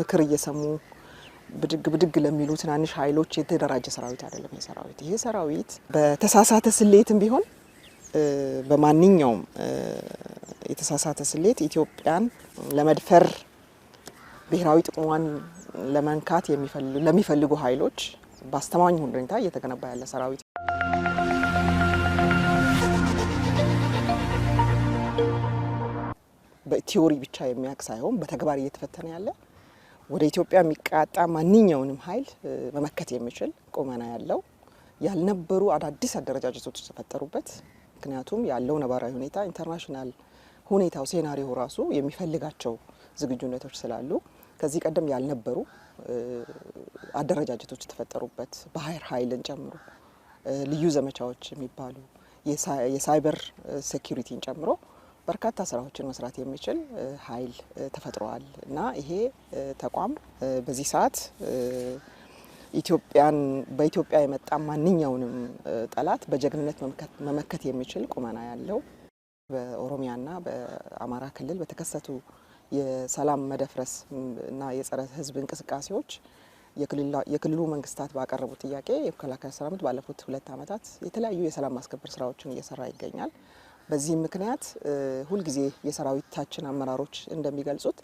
ምክር እየሰሙ ብድግ ብድግ ለሚሉ ትናንሽ ኃይሎች የተደራጀ ሰራዊት አይደለም። ይህ ሰራዊት ይህ ሰራዊት በተሳሳተ ስሌትም ቢሆን በማንኛውም የተሳሳተ ስሌት ኢትዮጵያን ለመድፈር ብሔራዊ ጥቅሟን ለመንካት ለሚፈልጉ ኃይሎች በአስተማማኝ ሁኔታ እየተገነባ ያለ ሰራዊት በቲዎሪ ብቻ የሚያውቅ ሳይሆን በተግባር እየተፈተነ ያለ ወደ ኢትዮጵያ የሚቃጣ ማንኛውንም ኃይል መመከት የሚችል ቁመና ያለው ያልነበሩ አዳዲስ አደረጃጀቶች የተፈጠሩበት ምክንያቱም ያለው ነባራዊ ሁኔታ ኢንተርናሽናል ሁኔታው ሴናሪዮ ራሱ የሚፈልጋቸው ዝግጁነቶች ስላሉ ከዚህ ቀደም ያልነበሩ አደረጃጀቶች የተፈጠሩበት ባህር ኃይልን ጨምሮ ልዩ ዘመቻዎች የሚባሉ የሳይበር ሴኪሪቲን ጨምሮ በርካታ ስራዎችን መስራት የሚችል ኃይል ተፈጥሯል እና ይሄ ተቋም በዚህ ሰዓት ኢትዮጵያን በኢትዮጵያ የመጣ ማንኛውንም ጠላት በጀግንነት መመከት የሚችል ቁመና ያለው በኦሮሚያና በአማራ ክልል በተከሰቱ የሰላም መደፍረስ እና የጸረ ሕዝብ እንቅስቃሴዎች የክልሉ መንግስታት ባቀረቡት ጥያቄ የመከላከያ ሰራዊት ባለፉት ሁለት ዓመታት የተለያዩ የሰላም ማስከበር ስራዎችን እየሰራ ይገኛል። በዚህ ምክንያት ሁልጊዜ የሰራዊታችን አመራሮች እንደሚገልጹት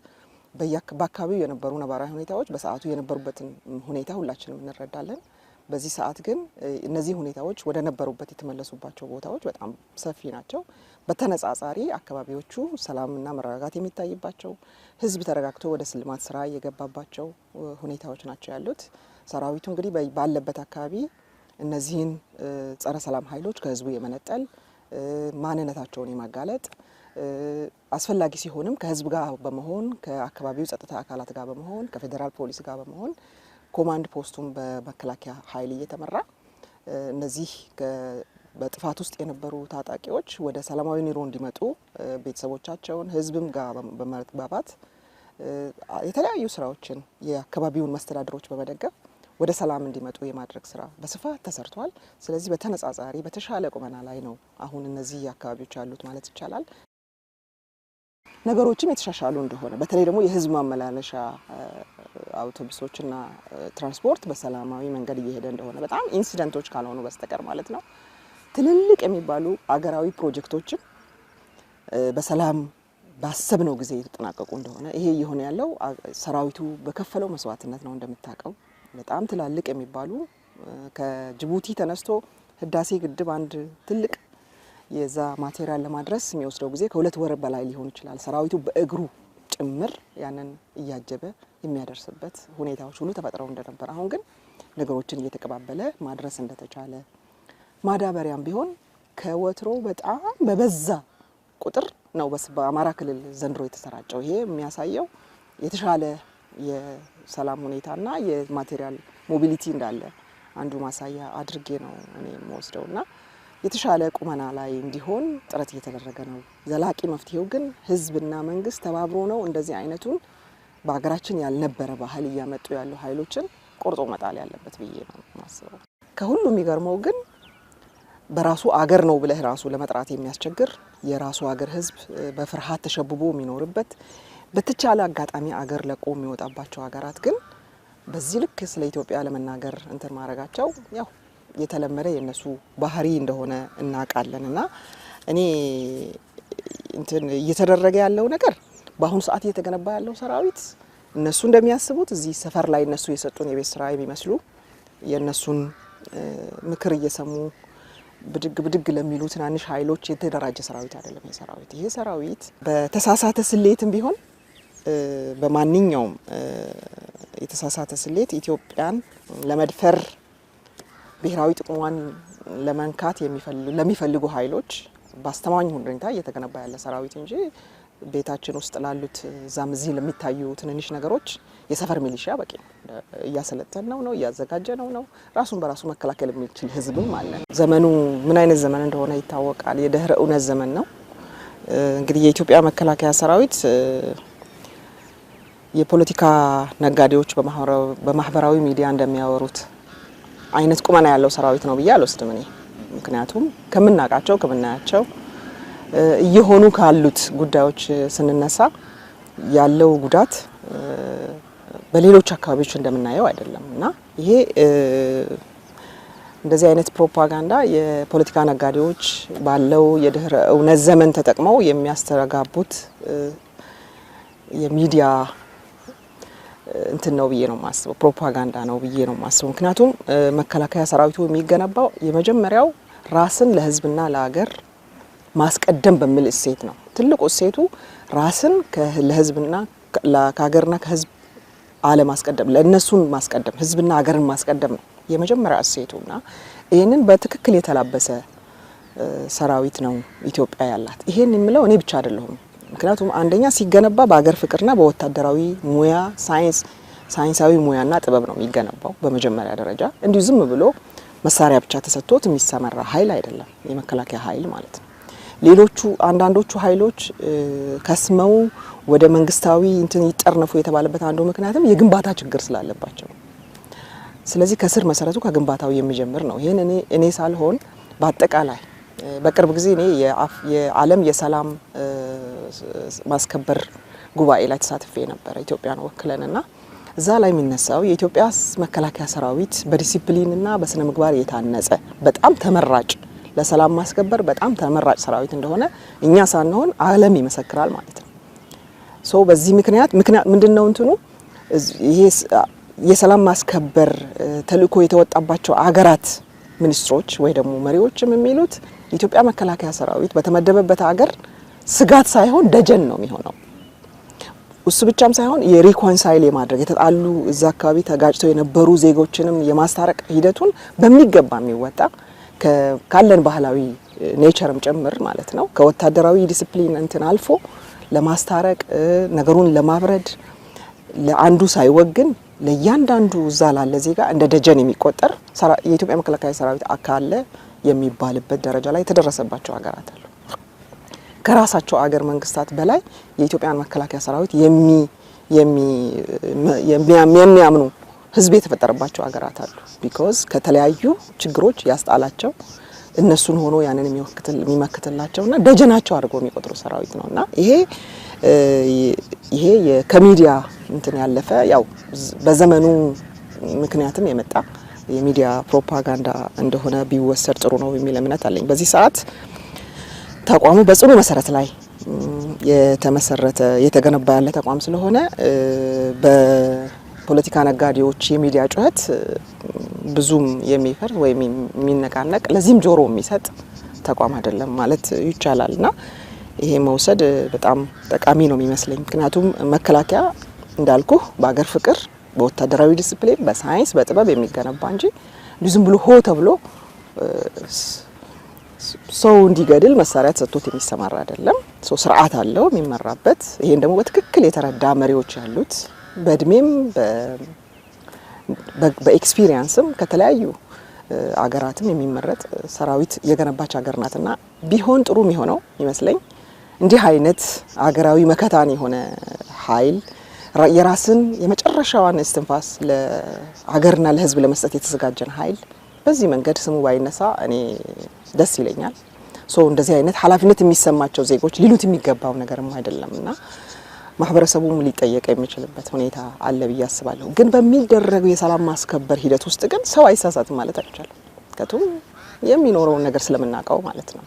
በአካባቢው የነበሩ ነባራዊ ሁኔታዎች በሰዓቱ የነበሩበትን ሁኔታ ሁላችንም እንረዳለን። በዚህ ሰዓት ግን እነዚህ ሁኔታዎች ወደ ነበሩበት የተመለሱባቸው ቦታዎች በጣም ሰፊ ናቸው። በተነጻጻሪ አካባቢዎቹ ሰላምና መረጋጋት የሚታይባቸው፣ ህዝብ ተረጋግቶ ወደ ስልማት ስራ የገባባቸው ሁኔታዎች ናቸው ያሉት። ሰራዊቱ እንግዲህ ባለበት አካባቢ እነዚህን ጸረ ሰላም ኃይሎች ከህዝቡ የመነጠል ማንነታቸውን የማጋለጥ አስፈላጊ ሲሆንም ከህዝብ ጋር በመሆን ከአካባቢው ጸጥታ አካላት ጋር በመሆን ከፌዴራል ፖሊስ ጋር በመሆን ኮማንድ ፖስቱን በመከላከያ ኃይል እየተመራ እነዚህ በጥፋት ውስጥ የነበሩ ታጣቂዎች ወደ ሰላማዊ ኑሮ እንዲመጡ ቤተሰቦቻቸውን ህዝብም ጋር በመግባባት የተለያዩ ስራዎችን የአካባቢውን መስተዳድሮች በመደገፍ ወደ ሰላም እንዲመጡ የማድረግ ስራ በስፋት ተሰርቷል። ስለዚህ በተነጻጻሪ በተሻለ ቁመና ላይ ነው አሁን እነዚህ አካባቢዎች ያሉት ማለት ይቻላል። ነገሮችም የተሻሻሉ እንደሆነ በተለይ ደግሞ የህዝብ ማመላለሻ አውቶቡሶችና ትራንስፖርት በሰላማዊ መንገድ እየሄደ እንደሆነ በጣም ኢንሲደንቶች ካልሆኑ በስተቀር ማለት ነው። ትልልቅ የሚባሉ አገራዊ ፕሮጀክቶችም በሰላም ባሰብነው ጊዜ የተጠናቀቁ እንደሆነ ይሄ እየሆነ ያለው ሰራዊቱ በከፈለው መስዋዕትነት ነው እንደምታውቀው በጣም ትላልቅ የሚባሉ ከጅቡቲ ተነስቶ ህዳሴ ግድብ አንድ ትልቅ የዛ ማቴሪያል ለማድረስ የሚወስደው ጊዜ ከሁለት ወር በላይ ሊሆን ይችላል። ሰራዊቱ በእግሩ ጭምር ያንን እያጀበ የሚያደርስበት ሁኔታዎች ሁሉ ተፈጥረው እንደነበር፣ አሁን ግን ነገሮችን እየተቀባበለ ማድረስ እንደተቻለ ማዳበሪያም ቢሆን ከወትሮ በጣም በበዛ ቁጥር ነው በአማራ ክልል ዘንድሮ የተሰራጨው። ይሄ የሚያሳየው የተሻለ የሰላም ሁኔታና የማቴሪያል ሞቢሊቲ እንዳለ አንዱ ማሳያ አድርጌ ነው እኔ የምወስደው እና የተሻለ ቁመና ላይ እንዲሆን ጥረት እየተደረገ ነው። ዘላቂ መፍትሄው ግን ህዝብና መንግስት ተባብሮ ነው እንደዚህ አይነቱን በሀገራችን ያልነበረ ባህል እያመጡ ያሉ ኃይሎችን ቆርጦ መጣል ያለበት ብዬ ነው ማስበው። ከሁሉ የሚገርመው ግን በራሱ አገር ነው ብለህ ራሱ ለመጥራት የሚያስቸግር የራሱ አገር ህዝብ በፍርሃት ተሸብቦ የሚኖርበት በተቻለ አጋጣሚ አገር ለቆ የሚወጣባቸው ሀገራት ግን በዚህ ልክ ስለ ኢትዮጵያ ለመናገር እንትን ማድረጋቸው ያው የተለመደ የእነሱ ባህሪ እንደሆነ እናውቃለን። እና እኔ እንትን እየተደረገ ያለው ነገር በአሁኑ ሰዓት እየተገነባ ያለው ሰራዊት እነሱ እንደሚያስቡት እዚህ ሰፈር ላይ እነሱ የሰጡን የቤት ስራ የሚመስሉ የእነሱን ምክር እየሰሙ ብድግ ብድግ ለሚሉ ትናንሽ ኃይሎች የተደራጀ ሰራዊት አይደለም። ይሄ ሰራዊት ይሄ ሰራዊት በተሳሳተ ስሌትም ቢሆን በማንኛውም የተሳሳተ ስሌት ኢትዮጵያን ለመድፈር ብሔራዊ ጥቅሟን ለመንካት ለሚፈልጉ ኃይሎች በአስተማማኝ ሁኔታ እየተገነባ ያለ ሰራዊት እንጂ ቤታችን ውስጥ ላሉት እዛም እዚህ ለሚታዩ ትንንሽ ነገሮች የሰፈር ሚሊሻ በቂ ነው። እያሰለጠን ነው ነው እያዘጋጀ ነው ነው ራሱን በራሱ መከላከል የሚችል ህዝብም አለ። ዘመኑ ምን አይነት ዘመን እንደሆነ ይታወቃል። የድህረ እውነት ዘመን ነው። እንግዲህ የኢትዮጵያ መከላከያ ሰራዊት የፖለቲካ ነጋዴዎች በማህበራዊ ሚዲያ እንደሚያወሩት አይነት ቁመና ያለው ሰራዊት ነው ብዬ አልወስድም እኔ። ምክንያቱም ከምናውቃቸው ከምናያቸው እየሆኑ ካሉት ጉዳዮች ስንነሳ ያለው ጉዳት በሌሎች አካባቢዎች እንደምናየው አይደለም እና ይሄ እንደዚህ አይነት ፕሮፓጋንዳ የፖለቲካ ነጋዴዎች ባለው የድህረ እውነት ዘመን ተጠቅመው የሚያስተጋቡት የሚዲያ እንትን ነው ብዬ ነው የማስበው። ፕሮፓጋንዳ ነው ብዬ ነው ማስበው ምክንያቱም መከላከያ ሰራዊቱ የሚገነባው የመጀመሪያው ራስን ለህዝብና ለሀገር ማስቀደም በሚል እሴት ነው። ትልቁ እሴቱ ራስን ለህዝብና ከሀገርና ከህዝብ አለማስቀደም ለእነሱን ማስቀደም ህዝብና ሀገርን ማስቀደም ነው የመጀመሪያ እና ይህንን በትክክል የተላበሰ ሰራዊት ነው ኢትዮጵያ ያላት። ይሄን የምለው እኔ ብቻ አይደለሁም። ምክንያቱም አንደኛ ሲገነባ በሀገር ፍቅርና በወታደራዊ ሙያ ሳይንስ ሳይንሳዊ ሙያና ጥበብ ነው የሚገነባው በመጀመሪያ ደረጃ እንዲሁ ዝም ብሎ መሳሪያ ብቻ ተሰጥቶት የሚሰመራ ኃይል አይደለም የመከላከያ ኃይል ማለት ነው። ሌሎቹ አንዳንዶቹ ኃይሎች ከስመው ወደ መንግስታዊ እንትን ይጠርነፉ የተባለበት አንዱ ምክንያትም የግንባታ ችግር ስላለባቸው ስለዚህ ከስር መሰረቱ ከግንባታው የሚጀምር ነው። ይህን እኔ ሳልሆን በአጠቃላይ በቅርብ ጊዜ እኔ የዓለም የሰላም ማስከበር ጉባኤ ላይ ተሳትፌ ነበረ ኢትዮጵያን ወክለንና እዛ ላይ የሚነሳው የኢትዮጵያ መከላከያ ሰራዊት በዲሲፕሊንና በስነ ምግባር የታነጸ በጣም ተመራጭ ለሰላም ማስከበር በጣም ተመራጭ ሰራዊት እንደሆነ እኛ ሳንሆን ዓለም ይመሰክራል ማለት ነው። በዚህ ምክንያት ምክንያት ምንድን ነው እንትኑ ይሄ የሰላም ማስከበር ተልእኮ የተወጣባቸው አገራት ሚኒስትሮች ወይ ደግሞ መሪዎችም የሚሉት የኢትዮጵያ መከላከያ ሰራዊት በተመደበበት ሀገር ስጋት ሳይሆን ደጀን ነው የሚሆነው። እሱ ብቻም ሳይሆን የሪኮንሳይል የማድረግ የተጣሉ እዛ አካባቢ ተጋጭተው የነበሩ ዜጎችንም የማስታረቅ ሂደቱን በሚገባ የሚወጣ ካለን ባህላዊ ኔቸርም ጭምር ማለት ነው ከወታደራዊ ዲስፕሊን እንትን አልፎ ለማስታረቅ ነገሩን ለማብረድ ለአንዱ ሳይወግን ለእያንዳንዱ እዛ ላለ ዜጋ እንደ ደጀን የሚቆጠር የኢትዮጵያ መከላከያ ሰራዊት አካለ የሚባልበት ደረጃ ላይ የተደረሰባቸው ሀገራት አሉ። ከራሳቸው አገር መንግስታት በላይ የኢትዮጵያን መከላከያ ሰራዊት የሚያምኑ ህዝብ የተፈጠረባቸው ሀገራት አሉ። ቢኮዝ ከተለያዩ ችግሮች ያስጣላቸው እነሱን ሆኖ ያንን የሚመክትላቸው እና ደጀናቸው አድርጎ የሚቆጥሩ ሰራዊት ነው እና ይሄ ይሄ ከሚዲያ እንትን ያለፈ ያው በዘመኑ ምክንያትም የመጣ የሚዲያ ፕሮፓጋንዳ እንደሆነ ቢወሰድ ጥሩ ነው የሚል እምነት አለኝ። በዚህ ሰዓት ተቋሙ በጽኑ መሰረት ላይ የተመሰረተ የተገነባ ያለ ተቋም ስለሆነ በፖለቲካ ነጋዴዎች የሚዲያ ጩኸት ብዙም የሚፈር ወይም የሚነቃነቅ ለዚህም ጆሮ የሚሰጥ ተቋም አይደለም ማለት ይቻላል እና ይሄ መውሰድ በጣም ጠቃሚ ነው የሚመስለኝ። ምክንያቱም መከላከያ እንዳልኩ በሀገር ፍቅር በወታደራዊ ዲስፕሊን፣ በሳይንስ፣ በጥበብ የሚገነባ እንጂ ዝም ብሎ ሆ ተብሎ ሰው እንዲገድል መሳሪያ ተሰጥቶት የሚሰማራ አይደለም። ሰው ስርዓት አለው የሚመራበት። ይሄን ደግሞ በትክክል የተረዳ መሪዎች ያሉት በእድሜም በኤክስፒሪየንስም ከተለያዩ አገራትም የሚመረጥ ሰራዊት የገነባች ሀገር ናትና ቢሆን ጥሩ የሚሆነው ይመስለኝ እንዲህ አይነት አገራዊ መከታን የሆነ ኃይል የራስን የመጨረሻዋን እስትንፋስ ለሀገርና ለህዝብ ለመስጠት የተዘጋጀን ኃይል በዚህ መንገድ ስሙ ባይነሳ እኔ ደስ ይለኛል። ሰው እንደዚህ አይነት ኃላፊነት የሚሰማቸው ዜጎች ሊሉት የሚገባው ነገርም አይደለም እና ማህበረሰቡም ሊጠየቅ የሚችልበት ሁኔታ አለ ብዬ አስባለሁ። ግን በሚደረገው የሰላም ማስከበር ሂደት ውስጥ ግን ሰው አይሳሳትም ማለት አይቻልም። ምክንያቱም የሚኖረውን ነገር ስለምናውቀው ማለት ነው።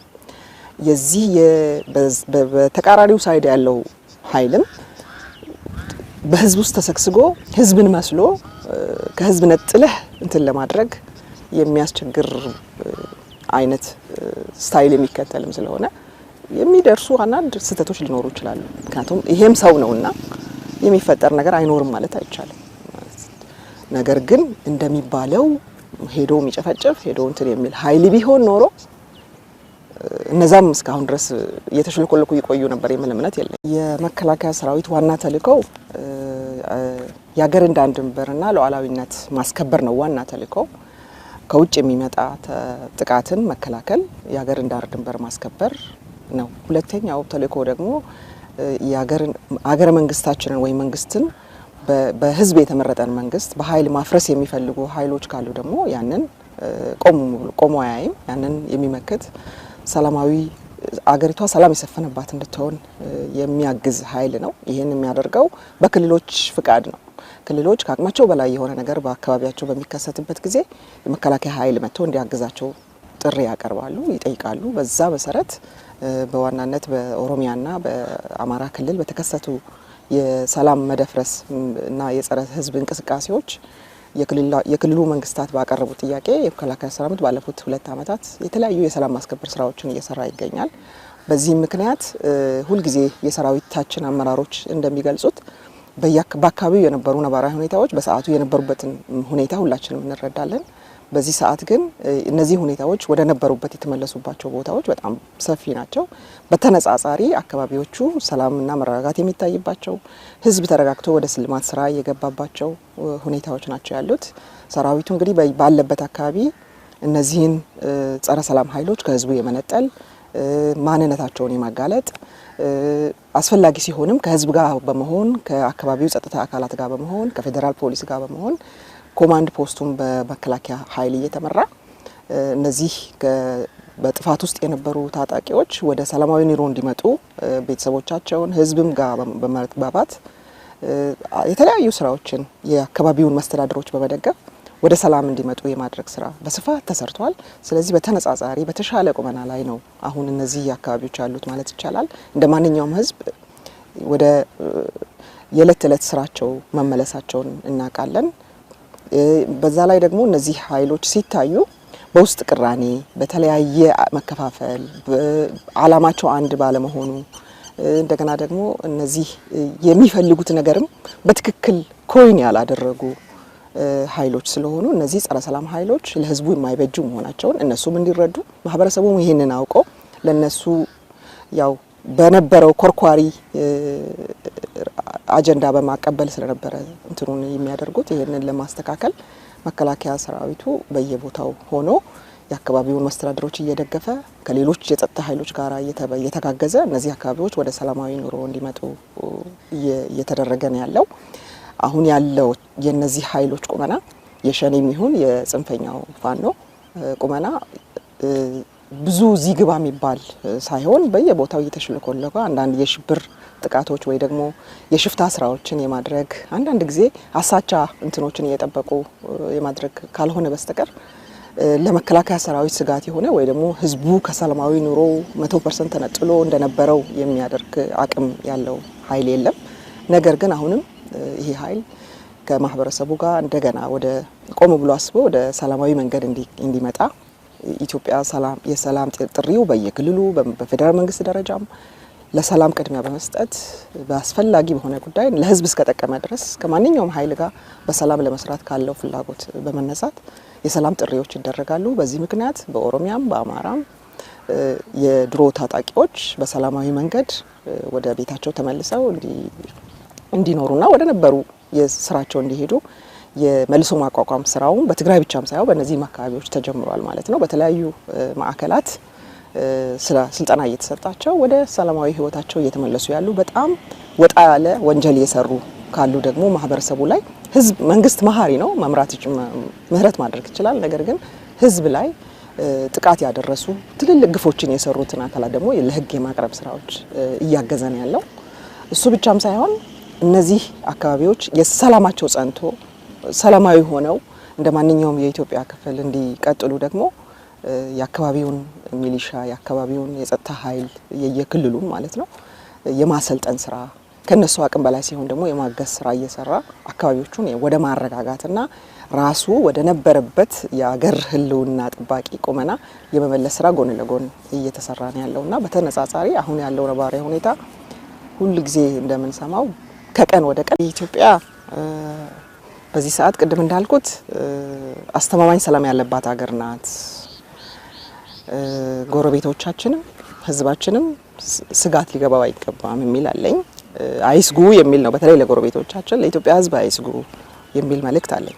የዚህ በተቃራኒው ሳይድ ያለው ኃይልም በህዝብ ውስጥ ተሰግስጎ ህዝብን መስሎ ከህዝብ ነጥለህ እንትን ለማድረግ የሚያስቸግር አይነት ስታይል የሚከተልም ስለሆነ የሚደርሱ አንዳንድ ስህተቶች ሊኖሩ ይችላሉ። ምክንያቱም ይሄም ሰው ነውና የሚፈጠር ነገር አይኖርም ማለት አይቻልም። ነገር ግን እንደሚባለው ሄዶ የሚጨፈጭፍ ሄዶ እንትን የሚል ኃይል ቢሆን ኖሮ እነዛም እስካሁን ድረስ እየተሽለኮለኩ የቆዩ ነበር የሚል እምነት የለም። የመከላከያ ሰራዊት ዋና ተልእኮው የሀገርን ዳር ድንበርና ሉዓላዊነት ማስከበር ነው። ዋና ተልእኮው ከውጭ የሚመጣ ጥቃትን መከላከል፣ የሀገርን ዳር ድንበር ማስከበር ነው። ሁለተኛው ተልእኮ ደግሞ ሀገረ መንግስታችንን ወይም መንግስትን በህዝብ የተመረጠን መንግስት በኃይል ማፍረስ የሚፈልጉ ኃይሎች ካሉ ደግሞ ያንን ቆሞ አያይም። ያንን የሚመክት ሰላማዊ አገሪቷ ሰላም የሰፈነባት እንድትሆን የሚያግዝ ኃይል ነው። ይህን የሚያደርገው በክልሎች ፍቃድ ነው። ክልሎች ከአቅማቸው በላይ የሆነ ነገር በአካባቢያቸው በሚከሰትበት ጊዜ የመከላከያ ኃይል መጥቶ እንዲያግዛቸው ጥሪ ያቀርባሉ፣ ይጠይቃሉ። በዛ መሰረት በዋናነት በኦሮሚያና በአማራ ክልል በተከሰቱ የሰላም መደፍረስ እና የጸረ ሕዝብ እንቅስቃሴዎች የክልሉ መንግስታት ባቀረቡት ጥያቄ የመከላከያ ሰራዊት ባለፉት ሁለት ዓመታት የተለያዩ የሰላም ማስከበር ስራዎችን እየሰራ ይገኛል። በዚህም ምክንያት ሁልጊዜ የሰራዊታችን አመራሮች እንደሚገልጹት በአካባቢው የነበሩ ነባራዊ ሁኔታዎች በሰዓቱ የነበሩበትን ሁኔታ ሁላችንም እንረዳለን። በዚህ ሰዓት ግን እነዚህ ሁኔታዎች ወደ ነበሩበት የተመለሱባቸው ቦታዎች በጣም ሰፊ ናቸው። በተነጻጻሪ አካባቢዎቹ ሰላምና መረጋጋት የሚታይባቸው፣ ህዝብ ተረጋግቶ ወደ ስልማት ስራ የገባባቸው ሁኔታዎች ናቸው ያሉት። ሰራዊቱ እንግዲህ ባለበት አካባቢ እነዚህን ጸረ ሰላም ኃይሎች ከህዝቡ የመነጠል ማንነታቸውን የማጋለጥ አስፈላጊ ሲሆንም ከህዝብ ጋር በመሆን ከአካባቢው ጸጥታ አካላት ጋር በመሆን ከፌዴራል ፖሊስ ጋር በመሆን ኮማንድ ፖስቱን በመከላከያ ኃይል እየተመራ እነዚህ በጥፋት ውስጥ የነበሩ ታጣቂዎች ወደ ሰላማዊ ኑሮ እንዲመጡ ቤተሰቦቻቸውን ህዝብም ጋር በመግባባት የተለያዩ ስራዎችን የአካባቢውን መስተዳድሮች በመደገፍ ወደ ሰላም እንዲመጡ የማድረግ ስራ በስፋት ተሰርቷል። ስለዚህ በተነጻጻሪ በተሻለ ቁመና ላይ ነው አሁን እነዚህ አካባቢዎች ያሉት ማለት ይቻላል። እንደ ማንኛውም ህዝብ ወደ የዕለት ተዕለት ስራቸው መመለሳቸውን እናውቃለን። በዛ ላይ ደግሞ እነዚህ ኃይሎች ሲታዩ በውስጥ ቅራኔ፣ በተለያየ መከፋፈል፣ አላማቸው አንድ ባለመሆኑ እንደገና ደግሞ እነዚህ የሚፈልጉት ነገርም በትክክል ኮይን ያላደረጉ ኃይሎች ስለሆኑ እነዚህ ጸረ ሰላም ኃይሎች ለህዝቡ የማይበጁ መሆናቸውን እነሱም እንዲረዱ ማህበረሰቡም ይህንን አውቀው ለነሱ ያው በነበረው ኮርኳሪ አጀንዳ በማቀበል ስለነበረ እንትኑን የሚያደርጉት ይህንን ለማስተካከል መከላከያ ሰራዊቱ በየቦታው ሆኖ የአካባቢውን መስተዳድሮች እየደገፈ ከሌሎች የጸጥታ ኃይሎች ጋር እየተጋገዘ እነዚህ አካባቢዎች ወደ ሰላማዊ ኑሮ እንዲመጡ እየተደረገ ነው ያለው። አሁን ያለው የነዚህ ኃይሎች ቁመና የሸኔም ይሁን የጽንፈኛው ፋኖ ቁመና ብዙ እዚህ ግባ የሚባል ሳይሆን በየቦታው እየተሽለኮለኮ አንዳንድ የሽብር ጥቃቶች ወይ ደግሞ የሽፍታ ስራዎችን የማድረግ አንዳንድ ጊዜ አሳቻ እንትኖችን እየጠበቁ የማድረግ ካልሆነ በስተቀር ለመከላከያ ሰራዊት ስጋት የሆነ ወይ ደግሞ ህዝቡ ከሰላማዊ ኑሮ መቶ ፐርሰንት ተነጥሎ እንደነበረው የሚያደርግ አቅም ያለው ኃይል የለም። ነገር ግን አሁንም ይሄ ኃይል ከማህበረሰቡ ጋር እንደገና ወደ ቆም ብሎ አስቦ ወደ ሰላማዊ መንገድ እንዲመጣ ኢትዮጵያ ሰላም የሰላም ጥሪው በየክልሉ በፌዴራል መንግስት ደረጃም ለሰላም ቅድሚያ በመስጠት በአስፈላጊ በሆነ ጉዳይ ለህዝብ እስከጠቀመ ድረስ ከማንኛውም ኃይል ጋር በሰላም ለመስራት ካለው ፍላጎት በመነሳት የሰላም ጥሪዎች ይደረጋሉ። በዚህ ምክንያት በኦሮሚያም በአማራም የድሮ ታጣቂዎች በሰላማዊ መንገድ ወደ ቤታቸው ተመልሰው እንዲኖሩና ወደ ነበሩ የስራቸው እንዲሄዱ የመልሶ ማቋቋም ስራውን በትግራይ ብቻም ሳይሆን በእነዚህም አካባቢዎች ተጀምሯል ማለት ነው። በተለያዩ ማዕከላት ስልጠና እየተሰጣቸው ወደ ሰላማዊ ህይወታቸው እየተመለሱ ያሉ በጣም ወጣ ያለ ወንጀል እየሰሩ ካሉ ደግሞ ማህበረሰቡ ላይ ህዝብ መንግስት መሀሪ ነው፣ መምራት ምህረት ማድረግ ይችላል። ነገር ግን ህዝብ ላይ ጥቃት ያደረሱ ትልልቅ ግፎችን የሰሩትን አካላት ደግሞ ለህግ የማቅረብ ስራዎች እያገዘን ያለው እሱ ብቻም ሳይሆን እነዚህ አካባቢዎች የሰላማቸው ጸንቶ ሰላማዊ ሆነው እንደ ማንኛውም የኢትዮጵያ ክፍል እንዲቀጥሉ ደግሞ የአካባቢውን ሚሊሻ የአካባቢውን የጸጥታ ኃይል የየክልሉን ማለት ነው የማሰልጠን ስራ ከነሱ አቅም በላይ ሲሆን ደግሞ የማገዝ ስራ እየሰራ አካባቢዎቹን ወደ ማረጋጋትና ራሱ ወደ ነበረበት የአገር ህልውና ጥባቂ ቁመና የመመለስ ስራ ጎን ለጎን እየተሰራ ነው ያለውና በተነጻጻሪ አሁን ያለው ነባራዊ ሁኔታ ሁል ጊዜ እንደምንሰማው ከቀን ወደ ቀን የኢትዮጵያ በዚህ ሰዓት ቅድም እንዳልኩት አስተማማኝ ሰላም ያለባት ሀገር ናት። ጎረቤቶቻችንም ህዝባችንም ስጋት ሊገባው አይገባም የሚል አለኝ። አይስጉ የሚል ነው። በተለይ ለጎረቤቶቻችን ለኢትዮጵያ ህዝብ አይስጉ የሚል መልእክት አለኝ።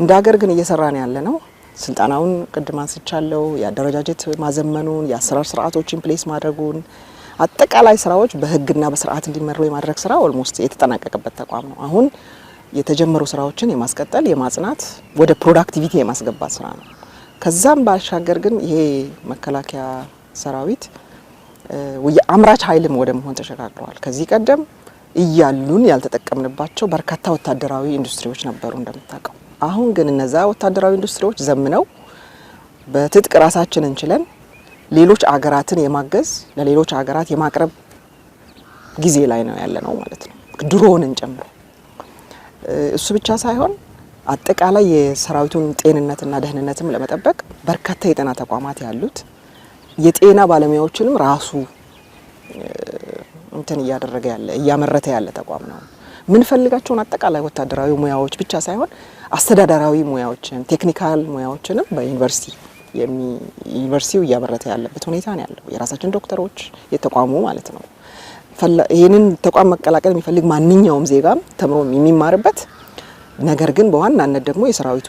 እንደ ሀገር ግን እየሰራን ያለ ነው። ስልጠናውን ቅድም አንስቻለሁ። የአደረጃጀት ማዘመኑን፣ የአሰራር ስርዓቶችን ፕሌስ ማድረጉን፣ አጠቃላይ ስራዎች በህግና በስርዓት እንዲመሩ የማድረግ ስራ ኦልሞስት የተጠናቀቀበት ተቋም ነው አሁን የተጀመሩ ስራዎችን የማስቀጠል የማጽናት ወደ ፕሮዳክቲቪቲ የማስገባት ስራ ነው። ከዛም ባሻገር ግን ይሄ መከላከያ ሰራዊት የአምራች ኃይልም ወደ መሆን ተሸጋግረዋል። ከዚህ ቀደም እያሉን ያልተጠቀምንባቸው በርካታ ወታደራዊ ኢንዱስትሪዎች ነበሩ እንደምታውቀው። አሁን ግን እነዛ ወታደራዊ ኢንዱስትሪዎች ዘምነው በትጥቅ ራሳችን እንችለን ሌሎች አገራትን የማገዝ ለሌሎች አገራት የማቅረብ ጊዜ ላይ ነው ያለነው ማለት ነው ድሮንን ጨምሮ እሱ ብቻ ሳይሆን አጠቃላይ የሰራዊቱን ጤንነትና ደህንነትም ለመጠበቅ በርካታ የጤና ተቋማት ያሉት የጤና ባለሙያዎችንም ራሱ እንትን እያደረገ ያለ እያመረተ ያለ ተቋም ነው። ምንፈልጋቸውን አጠቃላይ ወታደራዊ ሙያዎች ብቻ ሳይሆን አስተዳደራዊ ሙያዎችን፣ ቴክኒካል ሙያዎችንም በዩኒቨርሲቲ ዩኒቨርሲቲው እያመረተ ያለበት ሁኔታ ነው ያለው። የራሳችን ዶክተሮች የተቋሙ ማለት ነው። ይህንን ተቋም መቀላቀል የሚፈልግ ማንኛውም ዜጋ ተምሮ የሚማርበት ነገር ግን በዋናነት ደግሞ የሰራዊቱ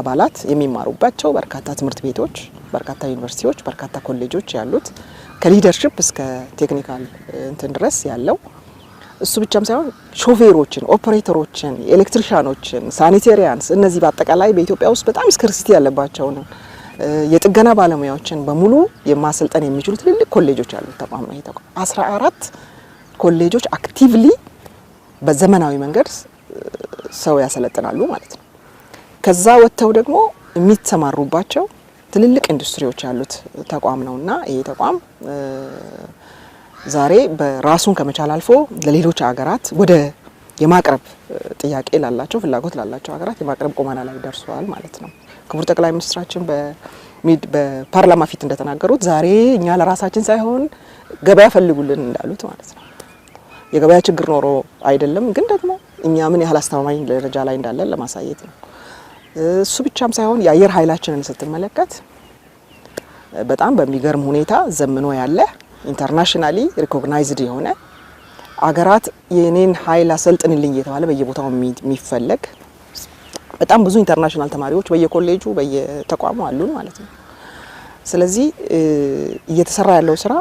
አባላት የሚማሩባቸው በርካታ ትምህርት ቤቶች፣ በርካታ ዩኒቨርሲቲዎች፣ በርካታ ኮሌጆች ያሉት ከሊደርሽፕ እስከ ቴክኒካል እንትን ድረስ ያለው እሱ ብቻም ሳይሆን ሾፌሮችን፣ ኦፕሬተሮችን፣ ኤሌክትሪሻኖችን፣ ሳኒቴሪያንስ እነዚህ በአጠቃላይ በኢትዮጵያ ውስጥ በጣም ስከርሲቲ ያለባቸውን የጥገና ባለሙያዎችን በሙሉ የማሰልጠን የሚችሉ ትልልቅ ኮሌጆች ያሉት ተቋም ነው። ይሄ ተቋም አራት ኮሌጆች አክቲቭሊ በዘመናዊ መንገድ ሰው ያሰለጥናሉ ማለት ነው። ከዛ ወጥተው ደግሞ የሚተማሩባቸው ትልልቅ ኢንዱስትሪዎች ያሉት ተቋም ነው እና ይሄ ተቋም ዛሬ በራሱን ከመቻል አልፎ ለሌሎች ሀገራት ወደ የማቅረብ ጥያቄ ላላቸው ፍላጎት ላላቸው ሀገራት የማቅረብ ቁመና ላይ ደርሷል ማለት ነው። ክቡር ጠቅላይ ሚኒስትራችን በፓርላማ ፊት እንደተናገሩት ዛሬ እኛ ለራሳችን ሳይሆን ገበያ ፈልጉልን እንዳሉት ማለት ነው። የገበያ ችግር ኖሮ አይደለም፣ ግን ደግሞ እኛ ምን ያህል አስተማማኝ ደረጃ ላይ እንዳለን ለማሳየት ነው። እሱ ብቻም ሳይሆን የአየር ኃይላችንን ስትመለከት በጣም በሚገርም ሁኔታ ዘምኖ ያለ ኢንተርናሽናሊ ሪኮግናይዝድ የሆነ አገራት የኔን ኃይል አሰልጥንልኝ እየተባለ በየቦታው የሚፈለግ በጣም ብዙ ኢንተርናሽናል ተማሪዎች በየኮሌጁ በየተቋሙ አሉን ማለት ነው። ስለዚህ እየተሰራ ያለው ስራ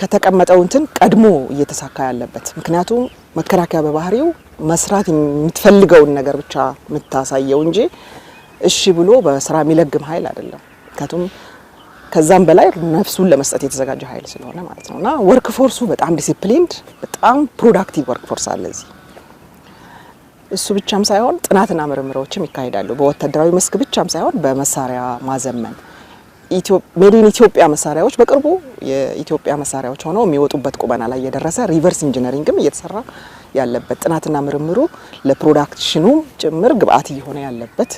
ከተቀመጠው እንትን ቀድሞ እየተሳካ ያለበት ምክንያቱም መከላከያ በባህሪው መስራት የምትፈልገውን ነገር ብቻ የምታሳየው እንጂ እሺ ብሎ በስራ የሚለግም ኃይል አይደለም። ምክንያቱም ከዛም በላይ ነፍሱን ለመስጠት የተዘጋጀ ኃይል ስለሆነ ማለት ነው እና ወርክ ፎርሱ በጣም ዲሲፕሊንድ፣ በጣም ፕሮዳክቲቭ ወርክ ፎርስ አለ እዚህ እሱ ብቻም ሳይሆን ጥናትና ምርምሮችም ይካሄዳሉ። በወታደራዊ መስክ ብቻም ሳይሆን በመሳሪያ ማዘመን ሜዲን ኢትዮጵያ መሳሪያዎች በቅርቡ የኢትዮጵያ መሳሪያዎች ሆነው የሚወጡበት ቁመና ላይ የደረሰ ሪቨርስ ኢንጂነሪንግም እየተሰራ ያለበት ጥናትና ምርምሩ ለፕሮዳክሽኑም ጭምር ግብአት እየሆነ ያለበት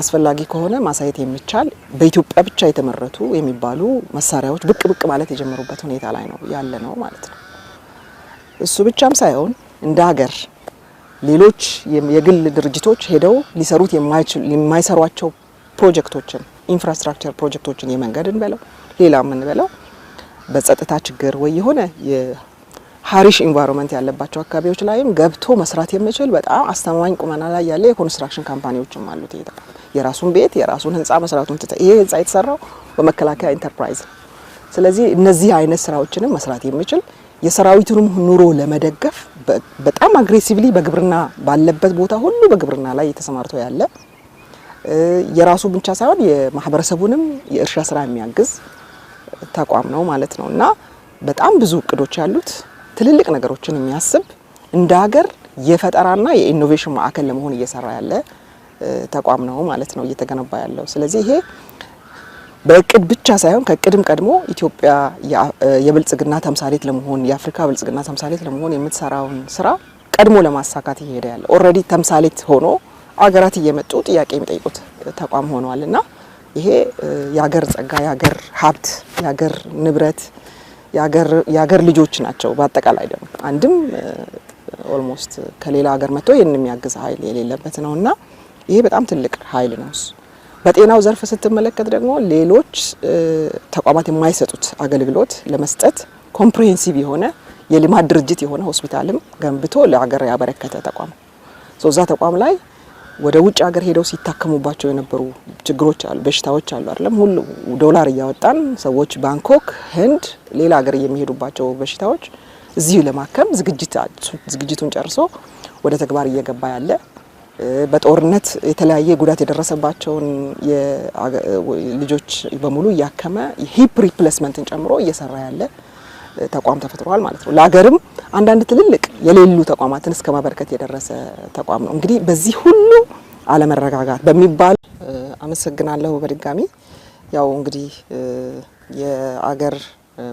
አስፈላጊ ከሆነ ማሳየት የሚቻል በኢትዮጵያ ብቻ የተመረቱ የሚባሉ መሳሪያዎች ብቅ ብቅ ማለት የጀመሩበት ሁኔታ ላይ ነው ያለ ነው ማለት ነው። እሱ ብቻም ሳይሆን እንደ ሀገር ሌሎች የግል ድርጅቶች ሄደው ሊሰሩት የማይሰሯቸው ፕሮጀክቶችን ኢንፍራስትራክቸር ፕሮጀክቶችን የመንገድ እንበለው ሌላ የምንበለው በጸጥታ ችግር ወይ የሆነ የሀሪሽ ኢንቫይሮንመንት ያለባቸው አካባቢዎች ላይም ገብቶ መስራት የሚችል በጣም አስተማማኝ ቁመና ላይ ያለ የኮንስትራክሽን ካምፓኒዎችም አሉት። ይሄ የራሱን ቤት የራሱን ህንፃ መስራቱን ትተ ይሄ ህንፃ የተሰራው በመከላከያ ኢንተርፕራይዝ ነው። ስለዚህ እነዚህ አይነት ስራዎችንም መስራት የሚችል የሰራዊቱንም ኑሮ ለመደገፍ በጣም አግሬሲቭሊ በግብርና ባለበት ቦታ ሁሉ በግብርና ላይ የተሰማርቶ ያለ የራሱ ብቻ ሳይሆን የማህበረሰቡንም የእርሻ ስራ የሚያግዝ ተቋም ነው ማለት ነው እና በጣም ብዙ እቅዶች ያሉት ትልልቅ ነገሮችን የሚያስብ እንደ ሀገር የፈጠራና የኢኖቬሽን ማዕከል ለመሆን እየሰራ ያለ ተቋም ነው ማለት ነው እየተገነባ ያለው። ስለዚህ ይሄ በእቅድ ብቻ ሳይሆን ከቅድም ቀድሞ ኢትዮጵያ የብልጽግና ተምሳሌት ለመሆን የአፍሪካ ብልጽግና ተምሳሌት ለመሆን የምትሰራውን ስራ ቀድሞ ለማሳካት እየሄደ ያለ ኦልሬዲ ተምሳሌት ሆኖ አገራት እየመጡ ጥያቄ የሚጠይቁት ተቋም ሆኗል እና ይሄ የሀገር ጸጋ፣ የሀገር ሀብት፣ የሀገር ንብረት፣ የሀገር ልጆች ናቸው። በአጠቃላይ ደግሞ አንድም ኦልሞስት ከሌላ ሀገር መጥቶ ይህን የሚያግዝ ኃይል የሌለበት ነው እና ይሄ በጣም ትልቅ ኃይል ነው። በጤናው ዘርፍ ስትመለከት ደግሞ ሌሎች ተቋማት የማይሰጡት አገልግሎት ለመስጠት ኮምፕሬሄንሲቭ የሆነ የልማት ድርጅት የሆነ ሆስፒታልም ገንብቶ ለሀገር ያበረከተ ተቋም እዛ ተቋም ላይ ወደ ውጭ ሀገር ሄደው ሲታከሙባቸው የነበሩ ችግሮች አሉ፣ በሽታዎች አሉ አይደለም። ሁሉ ዶላር እያወጣን ሰዎች ባንኮክ፣ ህንድ፣ ሌላ ሀገር የሚሄዱባቸው በሽታዎች እዚሁ ለማከም ዝግጅቱን ጨርሶ ወደ ተግባር እየገባ ያለ በጦርነት የተለያየ ጉዳት የደረሰባቸውን ልጆች በሙሉ እያከመ ሂፕ ሪፕሌስመንትን ጨምሮ እየሰራ ያለ ተቋም ተፈጥሯል ማለት ነው። ለሀገርም አንዳንድ ትልልቅ የሌሉ ተቋማትን እስከ ማበርከት የደረሰ ተቋም ነው። እንግዲህ በዚህ ሁሉ አለመረጋጋት በሚባል አመሰግናለሁ። በድጋሚ ያው እንግዲህ የአገር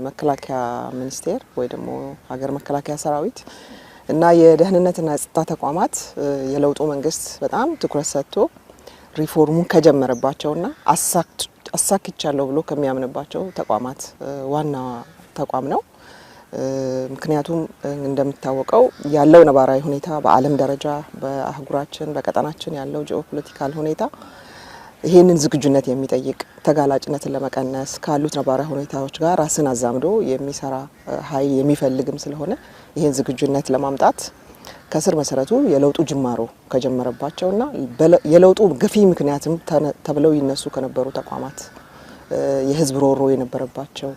መከላከያ ሚኒስቴር ወይ ደግሞ ሀገር መከላከያ ሰራዊት እና የደህንነትና የጸጥታ ተቋማት የለውጡ መንግስት በጣም ትኩረት ሰጥቶ ሪፎርሙን ከጀመረባቸውና አሳክቻለሁ ብሎ ከሚያምንባቸው ተቋማት ዋና ተቋም ነው። ምክንያቱም እንደሚታወቀው ያለው ነባራዊ ሁኔታ በዓለም ደረጃ በአህጉራችን፣ በቀጠናችን ያለው ጂኦፖለቲካል ሁኔታ ይህንን ዝግጁነት የሚጠይቅ ተጋላጭነትን ለመቀነስ ካሉት ነባራዊ ሁኔታዎች ጋር ራስን አዛምዶ የሚሰራ ኃይል የሚፈልግም ስለሆነ ይህን ዝግጁነት ለማምጣት ከስር መሰረቱ የለውጡ ጅማሮ ከጀመረባቸውና የለውጡ ገፊ ምክንያትም ተብለው ይነሱ ከነበሩ ተቋማት የህዝብ ሮሮ የነበረባቸው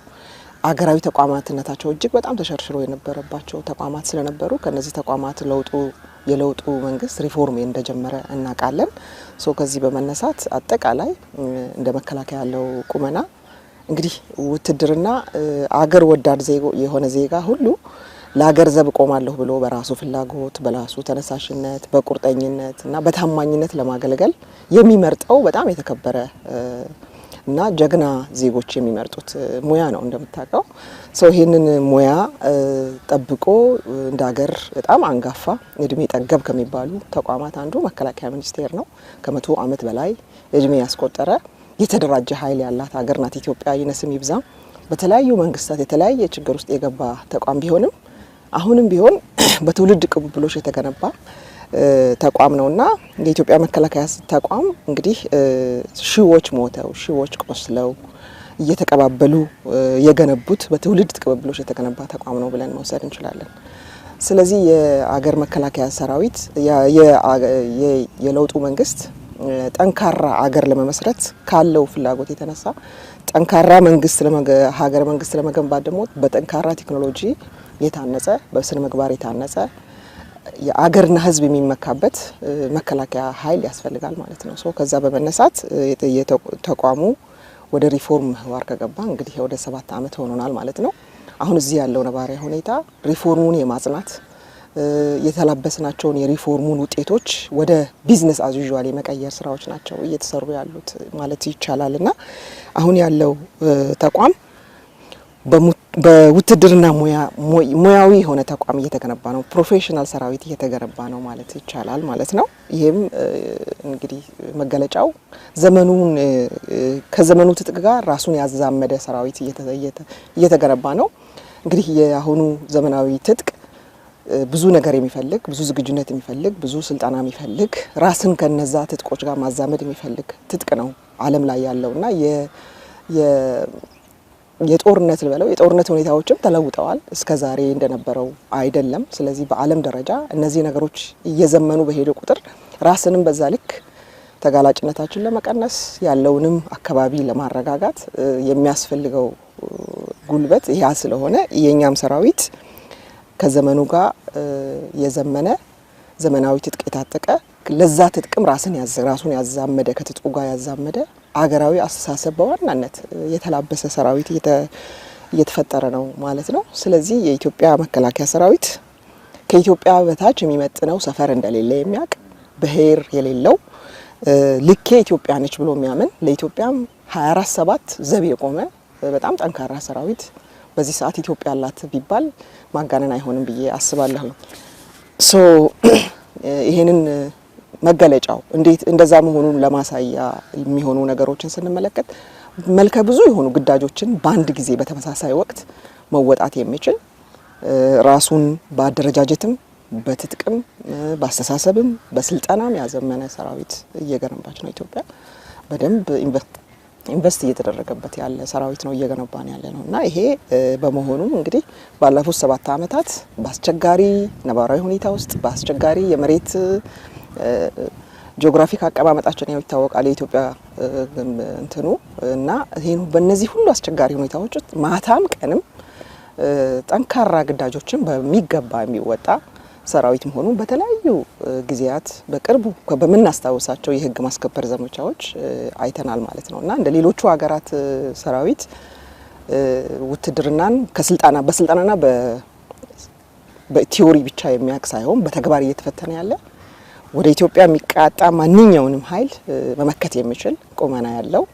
አገራዊ ተቋማትነታቸው እጅግ በጣም ተሸርሽሮ የነበረባቸው ተቋማት ስለነበሩ ከነዚህ ተቋማት ለውጡ የለውጡ መንግስት ሪፎርም እንደጀመረ እናውቃለን። ሶ ከዚህ በመነሳት አጠቃላይ እንደ መከላከያ ያለው ቁመና እንግዲህ ውትድርና አገር ወዳድ የሆነ ዜጋ ሁሉ ለሀገር ዘብ እቆማለሁ ብሎ በራሱ ፍላጎት በራሱ ተነሳሽነት በቁርጠኝነት እና በታማኝነት ለማገልገል የሚመርጠው በጣም የተከበረ እና ጀግና ዜጎች የሚመርጡት ሙያ ነው እንደምታውቀው። ሰው ይህንን ሙያ ጠብቆ እንደ ሀገር በጣም አንጋፋ እድሜ ጠገብ ከሚባሉ ተቋማት አንዱ መከላከያ ሚኒስቴር ነው። ከመቶ ዓመት በላይ እድሜ ያስቆጠረ የተደራጀ ኃይል ያላት ሀገር ናት ኢትዮጵያ። ይነስም ይብዛም በተለያዩ መንግስታት የተለያየ ችግር ውስጥ የገባ ተቋም ቢሆንም አሁንም ቢሆን በትውልድ ቅብብሎች የተገነባ ተቋም ነውና የኢትዮጵያ መከላከያ ተቋም እንግዲህ ሺዎች ሞተው ሺዎች ቆስለው እየተቀባበሉ የገነቡት በትውልድ ቅብብሎች የተገነባ ተቋም ነው ብለን መውሰድ እንችላለን። ስለዚህ የአገር መከላከያ ሰራዊት የለውጡ መንግስት ጠንካራ አገር ለመመስረት ካለው ፍላጎት የተነሳ ጠንካራ መንግስት ሀገር መንግስት ለመገንባት ደግሞ በጠንካራ ቴክኖሎጂ የታነጸ በስነ ምግባር የታነጸ የአገርና ሕዝብ የሚመካበት መከላከያ ኃይል ያስፈልጋል ማለት ነው። ከዛ በመነሳት ተቋሙ ወደ ሪፎርም ምህዋር ከገባ እንግዲህ ወደ ሰባት ዓመት ሆኖናል ማለት ነው። አሁን እዚህ ያለው ነባሪያ ሁኔታ ሪፎርሙን የማጽናት የተላበስናቸውን የሪፎርሙን ውጤቶች ወደ ቢዝነስ አዝ የመቀየር ስራዎች ናቸው እየተሰሩ ያሉት ማለት ይቻላል። እና አሁን ያለው ተቋም በውትድርና ሙያ ሙያዊ የሆነ ተቋም እየተገነባ ነው። ፕሮፌሽናል ሰራዊት እየተገነባ ነው ማለት ይቻላል ማለት ነው። ይህም እንግዲህ መገለጫው ዘመኑን ከዘመኑ ትጥቅ ጋር ራሱን ያዛመደ ሰራዊት እየተገነባ ነው። እንግዲህ የአሁኑ ዘመናዊ ትጥቅ ብዙ ነገር የሚፈልግ ብዙ ዝግጁነት የሚፈልግ ብዙ ስልጠና የሚፈልግ ራስን ከነዛ ትጥቆች ጋር ማዛመድ የሚፈልግ ትጥቅ ነው ዓለም ላይ እና የጦርነት ልበለው የጦርነት ሁኔታዎችም ተለውጠዋል። እስከ ዛሬ እንደነበረው አይደለም። ስለዚህ በዓለም ደረጃ እነዚህ ነገሮች እየዘመኑ በሄደ ቁጥር ራስንም በዛ ልክ ተጋላጭነታችን ለመቀነስ ያለውንም አካባቢ ለማረጋጋት የሚያስፈልገው ጉልበት ያ ስለሆነ የእኛም ሰራዊት ከዘመኑ ጋር የዘመነ ዘመናዊ ትጥቅ የታጠቀ ለዛ ትጥቅም ራስን ራሱን ያዛመደ ከትጥቁ ጋር ያዛመደ አገራዊ አስተሳሰብ በዋናነት የተላበሰ ሰራዊት እየተፈጠረ ነው ማለት ነው። ስለዚህ የኢትዮጵያ መከላከያ ሰራዊት ከኢትዮጵያ በታች የሚመጥነው ሰፈር እንደሌለ የሚያውቅ ብሄር የሌለው ልኬ ኢትዮጵያ ነች ብሎ የሚያምን ለኢትዮጵያም 24 ሰባት ዘብ የቆመ በጣም ጠንካራ ሰራዊት በዚህ ሰዓት ኢትዮጵያ አላት ቢባል ማጋነን አይሆንም ብዬ አስባለሁ። ሶ ይሄንን መገለጫው እንዴት እንደዛ መሆኑን ለማሳያ የሚሆኑ ነገሮችን ስንመለከት መልከ ብዙ የሆኑ ግዳጆችን በአንድ ጊዜ በተመሳሳይ ወቅት መወጣት የሚችል ራሱን በአደረጃጀትም በትጥቅም በአስተሳሰብም በስልጠናም ያዘመነ ሰራዊት እየገነባች ነው ኢትዮጵያ። በደንብ ኢንቨስት እየተደረገበት ያለ ሰራዊት ነው እየገነባን ያለ ነው እና ይሄ በመሆኑም እንግዲህ ባለፉት ሰባት ዓመታት በአስቸጋሪ ነባራዊ ሁኔታ ውስጥ በአስቸጋሪ የመሬት ጂኦግራፊክ አቀማመጣችን ያው ይታወቃል የኢትዮጵያ እንትኑ እና ይህን በእነዚህ ሁሉ አስቸጋሪ ሁኔታዎች ውስጥ ማታም ቀንም ጠንካራ ግዳጆችን በሚገባ የሚወጣ ሰራዊት መሆኑን በተለያዩ ጊዜያት በቅርቡ በምናስታውሳቸው የህግ ማስከበር ዘመቻዎች አይተናል ማለት ነው እና እንደ ሌሎቹ ሀገራት ሰራዊት ውትድርናን ከስልጣና በስልጣናና በቲዮሪ ብቻ የሚያውቅ ሳይሆን በተግባር እየተፈተነ ያለ ወደ ኢትዮጵያ የሚቃጣ ማንኛውንም ኃይል መመከት የሚችል ቁመና ያለው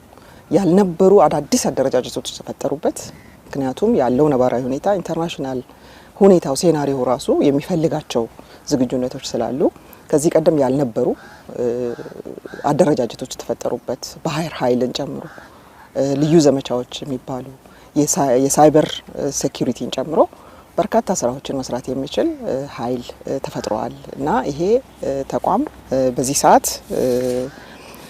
ያልነበሩ አዳዲስ አደረጃጀቶች የተፈጠሩበት ምክንያቱም ያለው ነባራዊ ሁኔታ ኢንተርናሽናል ሁኔታው ሴናሪዮ ራሱ የሚፈልጋቸው ዝግጁነቶች ስላሉ ከዚህ ቀደም ያልነበሩ አደረጃጀቶች የተፈጠሩበት ባህር ኃይልን ጨምሮ ልዩ ዘመቻዎች የሚባሉ የሳይበር ሴኪሪቲን ጨምሮ በርካታ ስራዎችን መስራት የሚችል ኃይል ተፈጥሯል እና ይሄ ተቋም በዚህ ሰዓት